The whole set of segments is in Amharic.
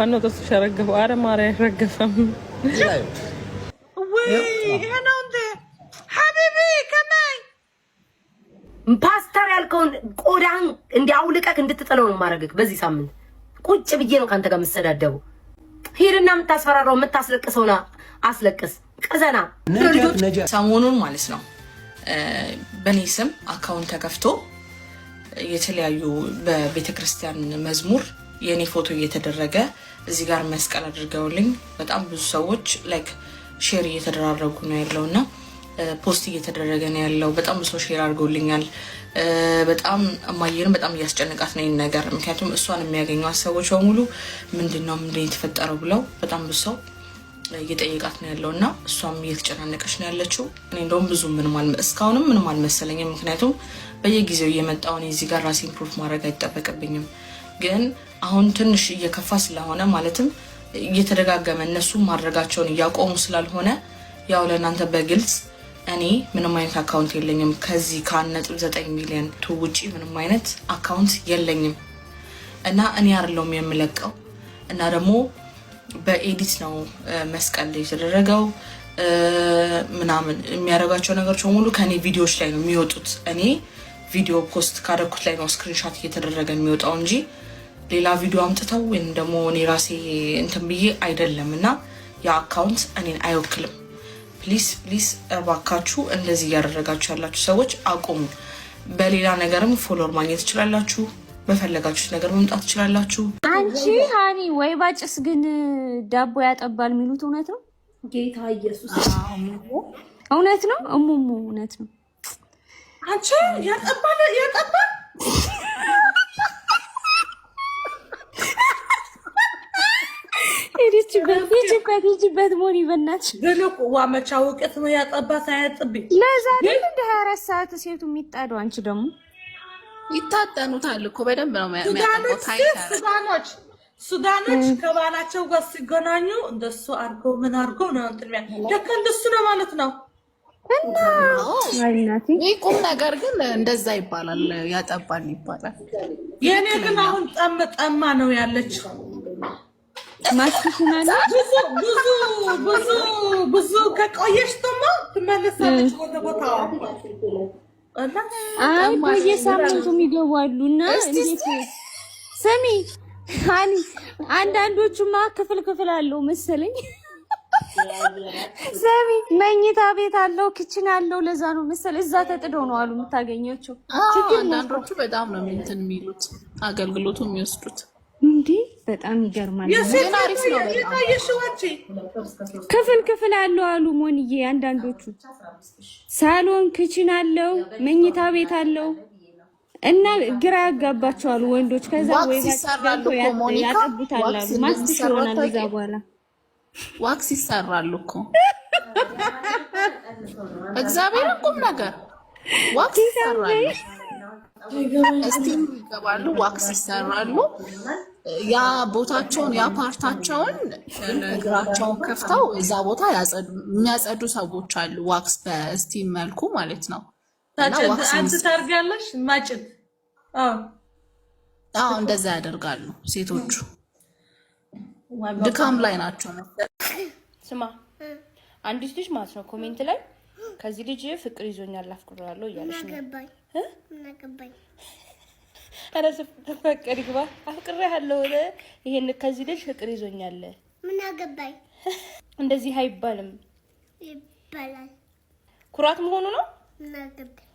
ማነው ተስፋ ያረገፈው? አረ ማር አይረገፈም። ፓስተር ያልከውን ቆዳህን እንዲያውልቀቅ እንድትጥለው ነው ማድረግ በዚህ ሳምንት ቁጭ ብዬ ነው ከአንተ ጋር የምትሰዳደበው። ሂድና የምታስፈራራው የምታስለቅሰውን አስለቅስ። ቀዘና ሰሞኑን ማለት ነው በእኔ ስም አካውንት ተከፍቶ የተለያዩ በቤተ ክርስቲያን መዝሙር የእኔ ፎቶ እየተደረገ እዚህ ጋር መስቀል አድርገውልኝ በጣም ብዙ ሰዎች ላይክ ሼር እየተደራረጉ ነው ያለውና ፖስት እየተደረገ ነው ያለው። በጣም ብሶ ሼር አድርጎልኛል። በጣም እማየንም በጣም እያስጨነቃት ነው ይህን ነገር። ምክንያቱም እሷን የሚያገኘዋት ሰዎች በሙሉ ምንድን ነው ምንድን የተፈጠረው ብለው በጣም ብሰው እየጠየቃት ነው ያለው እና እሷም እየተጨናነቀች ነው ያለችው። እኔ እንደውም ብዙ ምንም እስካሁንም ምንም አልመሰለኝም። ምክንያቱም በየጊዜው እየመጣውን እዚህ ጋር ራሴን ፕሩፍ ማድረግ አይጠበቅብኝም። ግን አሁን ትንሽ እየከፋ ስለሆነ ማለትም እየተደጋገመ እነሱ ማድረጋቸውን እያቆሙ ስላልሆነ ያው ለእናንተ በግልጽ እኔ ምንም አይነት አካውንት የለኝም። ከዚህ ከአንድ ነጥብ ዘጠኝ ሚሊዮን ቱ ውጪ ምንም አይነት አካውንት የለኝም እና እኔ አይደለሁም የምለቀው እና ደግሞ በኤዲት ነው መስቀል ላይ የተደረገው ምናምን የሚያደርጋቸው ነገሮች በሙሉ ከእኔ ቪዲዮዎች ላይ ነው የሚወጡት። እኔ ቪዲዮ ፖስት ካደረኩት ላይ ነው ስክሪንሻት እየተደረገ የሚወጣው እንጂ ሌላ ቪዲዮ አምጥተው ወይም ደግሞ እኔ ራሴ እንትን ብዬ አይደለም እና የአካውንት እኔን አይወክልም። ፕሊስ ፕሊስ እባካችሁ እንደዚህ እያደረጋችሁ ያላችሁ ሰዎች አቁሙ። በሌላ ነገርም ፎሎወር ማግኘት ትችላላችሁ። በፈለጋችሁት ነገር መምጣት ትችላላችሁ። አንቺ ሀኒ ወይ ባጭስ ግን ዳቦ ያጠባል የሚሉት እውነት ነው። ጌታ ኢየሱስ እውነት ነው። እሙሙ እውነት ነው። አንቺ ያጠባል ያጠባል ሂጂበት ሞኒ፣ በእናትሽ ግን ዋ መቻ ውቀት ነው ያጠባ ለዛ ግን እንደ ሀያ አራት ሰዓት ሴቱ የሚጣዱ አንቺ ደግሞ ይታጠኑታል እኮ በደንብ ነው የሚያጠኑት። ሱዳኖች ሱዳኖች ከባላቸው ጋር ሲገናኙ እንደሱ አድርገው ምን አድርገው ነው እንትን ደካ እንደሱ ነው ማለት ነው። ይህ ቁም ነገር ግን እንደዛ ይባላል፣ ያጠባል ይባላል። የእኔ ግን አሁን ጠም ጠማ ነው ያለችው ብዙ ከቆየሽ ደግሞ ትመለሳለች ወደ ቦታዋ። አይ በየሳምንቱም ይገባሉ እና እንዴት ስሚ አንዳንዶቹማ ክፍል ክፍል አለው መሰለኝ። ሰሚ መኝታ ቤት አለው፣ ክችን አለው። ለዛ ነው መሰለኝ እዛ ተጥደው ነው አሉ የምታገኘችው። አንዳንዶቹ በጣም ነው እንትን የሚሉት አገልግሎቱ የሚወስዱት እንዲህ በጣም ይገርማል። ክፍል ክፍል አለው አሉ ሞንዬ። አንዳንዶቹ ሳሎን ክችን አለው፣ መኝታ ቤት አለው እና ግራ ያጋባቸዋል ወንዶች። ከዛ ወይ ያጠቡታል ማስትሽ ይሆናል። ከዛ በኋላ ዋክስ ይሰራሉ እኮ እግዚአብሔር ቁም ነገር ዋክስ ይሰራሉ፣ ስቲም ይገባሉ፣ ዋክስ ይሰራሉ ያ ቦታቸውን ያ ፓርታቸውን እግራቸውን ከፍተው እዛ ቦታ የሚያጸዱ ሰዎች አሉ። ዋክስ በስቲም መልኩ ማለት ነው። ማጭን አዎ፣ እንደዛ ያደርጋሉ ሴቶቹ። ድካም ላይ ናቸው። ስማ አንዲት ልጅ ማለት ነው ኮሜንት ላይ ከዚህ ልጅ ፍቅር ይዞኛል ያለው እያለች ነው ኧረ ተፈቀድ ግባ አፍቅሬሃለሁ። ይሄን ከዚህ ልጅ ፍቅር ይዞኛል። ምን አገባኝ? እንደዚህ አይባልም። ይባላል። ኩራት መሆኑ ነው። ምን አገባኝ?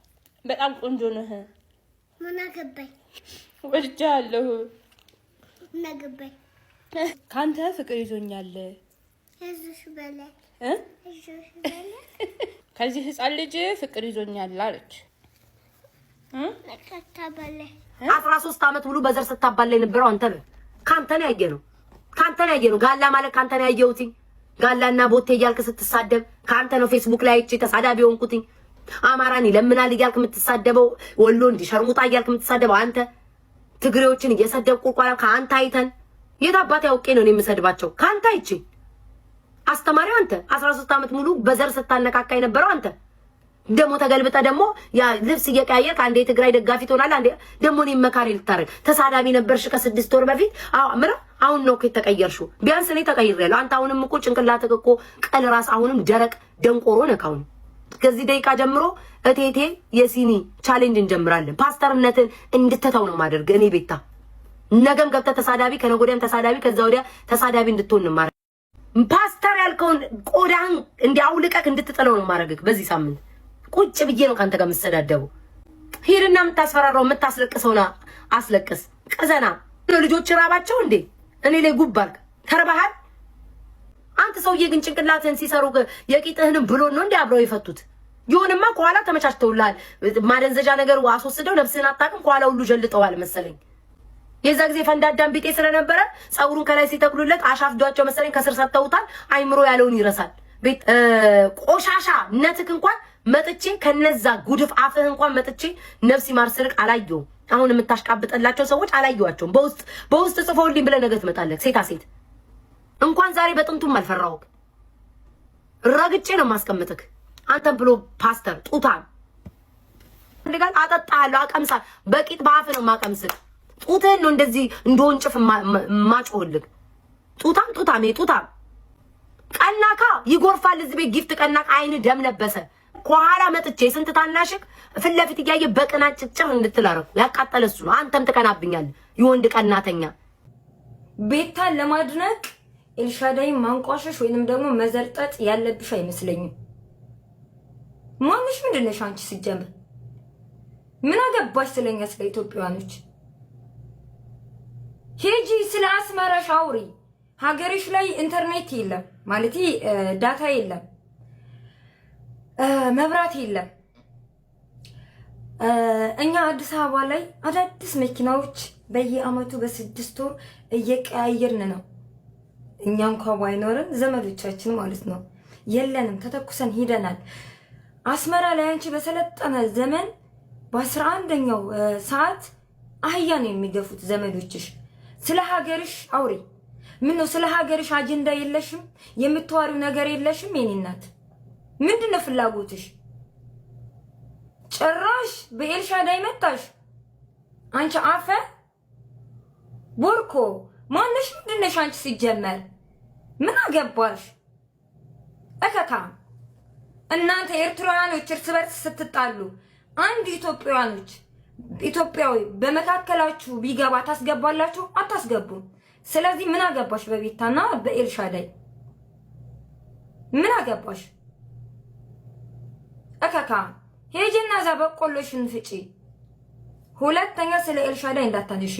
በጣም ቆንጆ ነህ። ምን አገባኝ? ወድጃለሁ። ምን አገባኝ? ካንተ ፍቅር ይዞኛል። ከዚህ ህፃን ልጅ ፍቅር ይዞኛል አለች። አስራ ሶስት አመት ሙሉ በዘር ስታባላ የነበረው አንተ ነህ። ከአንተ ነው ያየ ነው ከአንተ ነው ያየ ነው። ጋላ ማለት ከአንተ ነው ያየሁትኝ። ጋላና ቦቴ እያልክ ስትሳደብ ከአንተ ነው። ፌስቡክ ላይ አይቼ ተሳዳቢ የሆንኩትኝ። አማራን ይለምናል እያልክ የምትሳደበው ወሎ እንዲሸርሙጣ ሸርሙጣ እያልክ የምትሳደበው አንተ ትግሬዎችን እየሰደብ ቁልቋላ ከአንተ አይተን የት አባቴ አውቄ ነው የምሰድባቸው? ከአንተ አይቼ አስተማሪው አንተ አስራ ሶስት አመት ሙሉ በዘር ስታነካካ የነበረው አንተ ደግሞ ተገልብጠ ደግሞ ልብስ እየቀያየር ከአንዴ የትግራይ ደጋፊ ትሆናለህ፣ አንዴ ደግሞ እኔን መካሪ ልታደርግ። ተሳዳቢ ነበርሽ ከስድስት ወር በፊት ምራ፣ አሁን ነው እኮ ቢያንስ እኔ ተቀይሬያለሁ። አንተ አሁንም እኮ ጭንቅላትህ እኮ ቀል ራስ፣ አሁንም ደረቅ ደንቆሮ ነህ። አሁን ከዚህ ደቂቃ ጀምሮ እቴቴ የሲኒ ቻሌንጅ እንጀምራለን። ፓስተርነትን እንድትተው ነው ማደርግ። እኔ ቤታ ነገም ገብተህ ተሳዳቢ፣ ከነገ ወዲያም ተሳዳቢ፣ ከዛ ወዲያ ተሳዳቢ እንድትሆን ማድረግ ፓስተር ያልከውን ቆዳህን እንዲያውልቀክ እንድትጥለው ነው ማድረግ በዚህ ሳምንት ቁጭ ብዬ ነው ከአንተ ጋር የምትሰዳደቡ። ሂድና የምታስፈራራው የምታስለቅሰውን አስለቅስ። ቀዘና ልጆች ራባቸው እንዴ እኔ ላይ ጉባልክ ተርባሃል። አንተ ሰውዬ ግን ጭንቅላትህን ሲሰሩ የቂጥህንም ብሎ ነው እንዲ አብረው የፈቱት። ይሁንማ ከኋላ ተመቻችተውልሃል። ማደንዘዣ ነገር አስወስደው ነፍስህን አታውቅም። ከኋላ ሁሉ ጀልጠዋል መሰለኝ። የዛ ጊዜ ፈንዳዳም ቢጤ ስለነበረ ፀጉሩን ከላይ ሲተክሉለት አሻፍዷቸው መሰለኝ ከስር ሰጥተውታል። አይምሮ ያለውን ይረሳል። ቆሻሻ ነትክ እንኳን መጥቼ ከነዛ ጉድፍ አፍህ እንኳን መጥቼ ነፍሲ ማርስርቅ አላየውም። አሁን የምታሽቃብጠላቸው ሰዎች አላየዋቸውም። በውስጥ በውስጥ ጽፈውልኝ ብለህ ነገ ትመጣለህ። ሴታ ሴት እንኳን ዛሬ በጥንቱም አልፈራሁም። ረግጬ ነው ማስቀምጥክ። አንተም ብሎ ፓስተር ጡታን እንደጋል አጠጣለሁ፣ አቀምሳ በቂጥ በአፍ ነው ማቀምስክ። ጡትህን ነው እንደዚህ እንደወንጭፍ ማጮህልክ። ጡታም ጡታም ጡታም ቀናካ ይጎርፋል። እዚህ ቤት ጊፍት ቀናካ አይን ደም ለበሰ። ከኋላ መጥቼ ስንት ታናሽክ ፊት ለፊት እያየ በቅና ጭጭር እንድትል ያቃጠለ እሱ ነው። አንተም ትቀናብኛል። የወንድ ቀናተኛ። ቤታን ለማድነቅ ኤልሻዳይ ማንቋሸሽ ወይንም ደግሞ መዘርጠጥ ያለብሽ አይመስለኝም። ማንሽ ምንድን ነሽ አንቺ? ሲጀምር ምን አገባሽ ስለኛ ስለ ኢትዮጵያውያኖች? ሄጂ ስለ አስመረሽ አውሪ። ሀገሪሽ ላይ ኢንተርኔት የለም ማለት ዳታ የለም፣ መብራት የለም። እኛ አዲስ አበባ ላይ አዳዲስ መኪናዎች በየአመቱ በስድስት ወር እየቀያየርን ነው። እኛ እንኳ ባይኖርን ዘመዶቻችን ማለት ነው። የለንም ተተኩሰን ሂደናል። አስመራ ላይ አንቺ በሰለጠነ ዘመን በአስራ አንደኛው ሰዓት አህያ ነው የሚገፉት ዘመዶችሽ። ስለ ሀገርሽ አውሬ ምን ነው ስለ ሀገርሽ አጀንዳ የለሽም? የምትዋሪው ነገር የለሽም? የኔ እናት ምንድን ነው ፍላጎትሽ? ጭራሽ በኤልሻዳይ መታሽ። አንቺ አፈ ቦርኮ ማነሽ? ምንድን ነሽ አንቺ? ሲጀመር ምን አገባሽ? እከካ እናንተ ኤርትራውያኖች እርስ በርስ ስትጣሉ አንድ ኢትዮጵያውያኖች ኢትዮጵያዊ በመካከላችሁ ቢገባ ታስገባላችሁ? አታስገቡም። ስለዚህ ምን አገባሽ በቤታና በኤልሻ ላይ ምን አገባሽ? እከካ ሄጂና እዛ በቆሎሽን ፍጪ። ሁለተኛ ስለ ኤልሻዳይ ላይ እንዳታነሺ።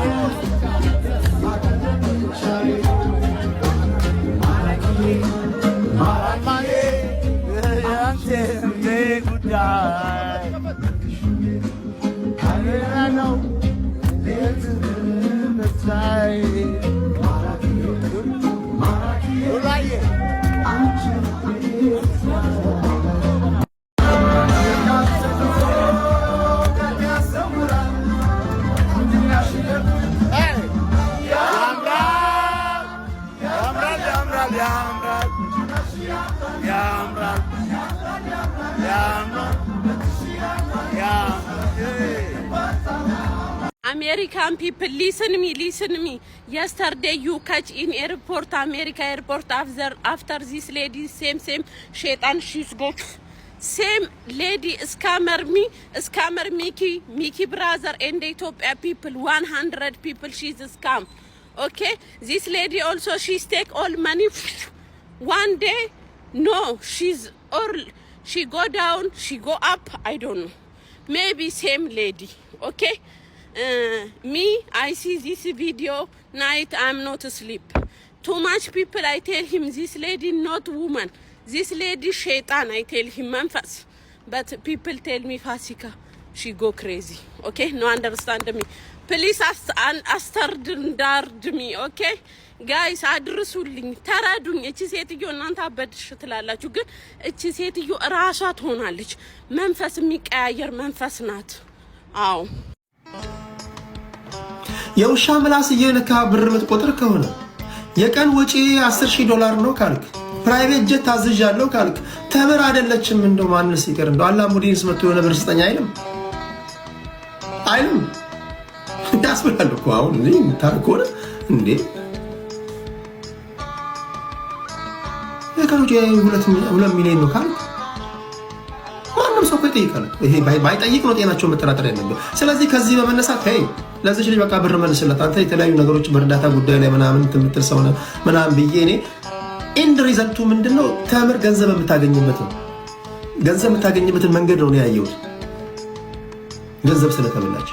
Oh, my God. American people, listen to me, listen to me. Yesterday you catch in airport, America airport, after, after this lady, same, same, shaitan, she's got same lady scammer me scammer mickey mickey brother and they top a people 100 people she's a scam okay this lady also she take all money one day no she's all she go down she go up i don't know maybe same lady okay ሚ አይ ሲ ዚስ ቪዲዮ ናይት አም ኖት ስሊፕ ቱ ማች ፒፕል አይ ቴል ሂም ዚስ ሌዲ ኖት ውመን ዚስ ሌዲ ሸይጣን አይ ቴል ሂም መንፈስ በት ፒፕል ቴል ሚ ፋሲካ ሺ ጎ ክሬዚ ኦኬ ኖ አንደርስታንድ ሚ ፕሊስ አስተርዳርድ ሚ ኦኬ ጋይስ አድርሱልኝ፣ ተረዱኝ። እቺ ሴትዮ እናንተ አበድሽ ትላላችሁ፣ ግን እቺ ሴትዮ እራሷ ትሆናለች። መንፈስ የሚቀያየር መንፈስ ናት። አዎ የውሻ ምላስ እየነካ ብር የምትቆጥር ከሆነ የቀን ወጪ 10 ሺህ ዶላር ነው ካልክ፣ ፕራይቬት ጀት ታዝዣለሁ ካልክ፣ ተምር አይደለችም እንደ ማንስ ይቅር እንደው አላሙዲንስ መቶ የሆነ ብር ስጠኝ አይልም አይልም ያስብላል እኮ አሁን እ ከሆነ እንዴ የቀን ወጪ ሁለት ሚሊዮን ነው ካልክ ይጠይቃል። ይሄ ባይጠይቅ ነው ጤናቸው መጠራጠር ያለብን። ስለዚህ ከዚህ በመነሳት ይ ለዚች ልጅ በቃ ብር መልስላት አንተ የተለያዩ ነገሮች በእርዳታ ጉዳይ ላይ ምናምን የምትል ሰው ምናምን ብዬ እኔ ኢንድ ሪዘልቱ ምንድነው ተምር ገንዘብ የምታገኝበት ነው። ገንዘብ የምታገኝበትን መንገድ ነው ያየሁት። ገንዘብ ስለተበላች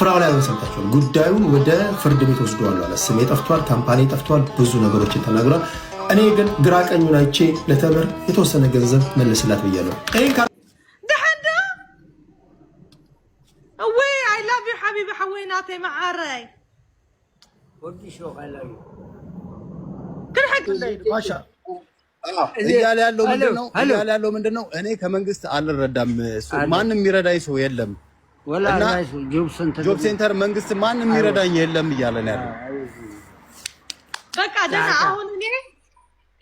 ፍራው ላይ ሰምታችኋል። ጉዳዩን ወደ ፍርድ ቤት ወስደዋል አለ። ስሜ ጠፍቷል፣ ካምፓኒ ጠፍቷል፣ ብዙ ነገሮችን ተናግሯል። እኔ ግን ግራ ቀኙን አይቼ ለተምር የተወሰነ ገንዘብ መልስላት ብዬ ነው። እያለ ያለው ምንድን ነው? እኔ ከመንግስት አልረዳም፣ ማንም የሚረዳኝ ሰው የለም፣ ጆብ ሴንተር መንግስት ማንም የሚረዳኝ የለም እያለ ነው ያለው። በቃ ደህና አሁን እኔ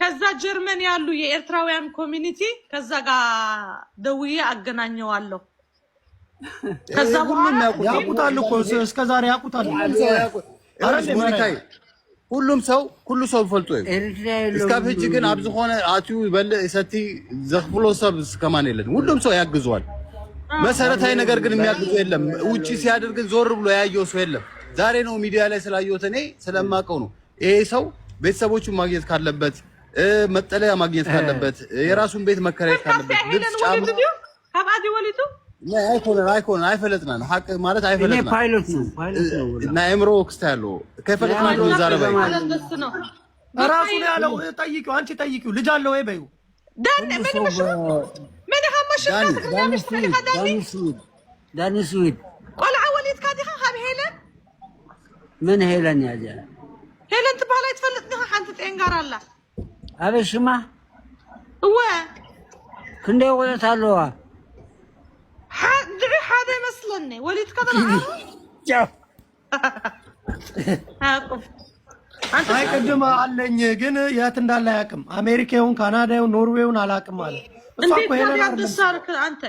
ከዛ ጀርመን ያሉ የኤርትራውያን ኮሚኒቲ ከዛ ጋር ደውዬ አገናኘዋለሁ። ከዛ ያውቁታል እኮ ያውቁታል። ሁሉም ሰው ሁሉ ሰው ፈልጦ እዩ እስካብ ሕጂ ግን ኣብ ዝኾነ ኣትዩ ይበልዕ ሰቲ ዘኽፍሎ ሰብ ከማን የለን። ሁሉም ሰው ያግዝዋል። መሰረታዊ ነገር ግን የሚያግዙ የለም። ውጭ ሲያደርግ ዞር ብሎ ያየው ሰው የለም። ዛሬ ነው ሚዲያ ላይ ስላየሁት እኔ ስለማቀው ነው። ይሄ ሰው ቤተሰቦቹን ማግኘት ካለበት መጠለያ ማግኘት ካለበት፣ የራሱን ቤት መከራየት ካለበት፣ ልብስ ጫማ አይኮን አይፈለጥናል ሀቅ ማለት አይፈለጥናል። አእምሮ ክስታ ያለው ከፈለጥና እዛ ላይ ራሱ ያለው። ጠይቂው፣ አንቺ ጠይቂው። ልጅ አለ ወይ በይው። ዳኒ ስዊድ ቆልዓ ወሊድካ ዲኻ ካብ ሄለን ምን ሄለን እያ ሄለን ትበሃላ ይትፈልጥ ሓንቲ ጤንጋር ኣላ አበሽማ እወ ክንደይ ቆልዑት ኣለዋ ድዑ ሓደ ይመስለኒ ወሊድካ አይ ቅድም ኣለኝ ግን የት እንዳለ አያውቅም። አሜሪካ ይሁን ካናዳ ይሁን ኖርዌይን አላውቅም ማለት እንዴት ታዲያ አንተ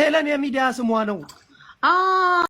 ሄለን የሚዲያ ስሟ ነው።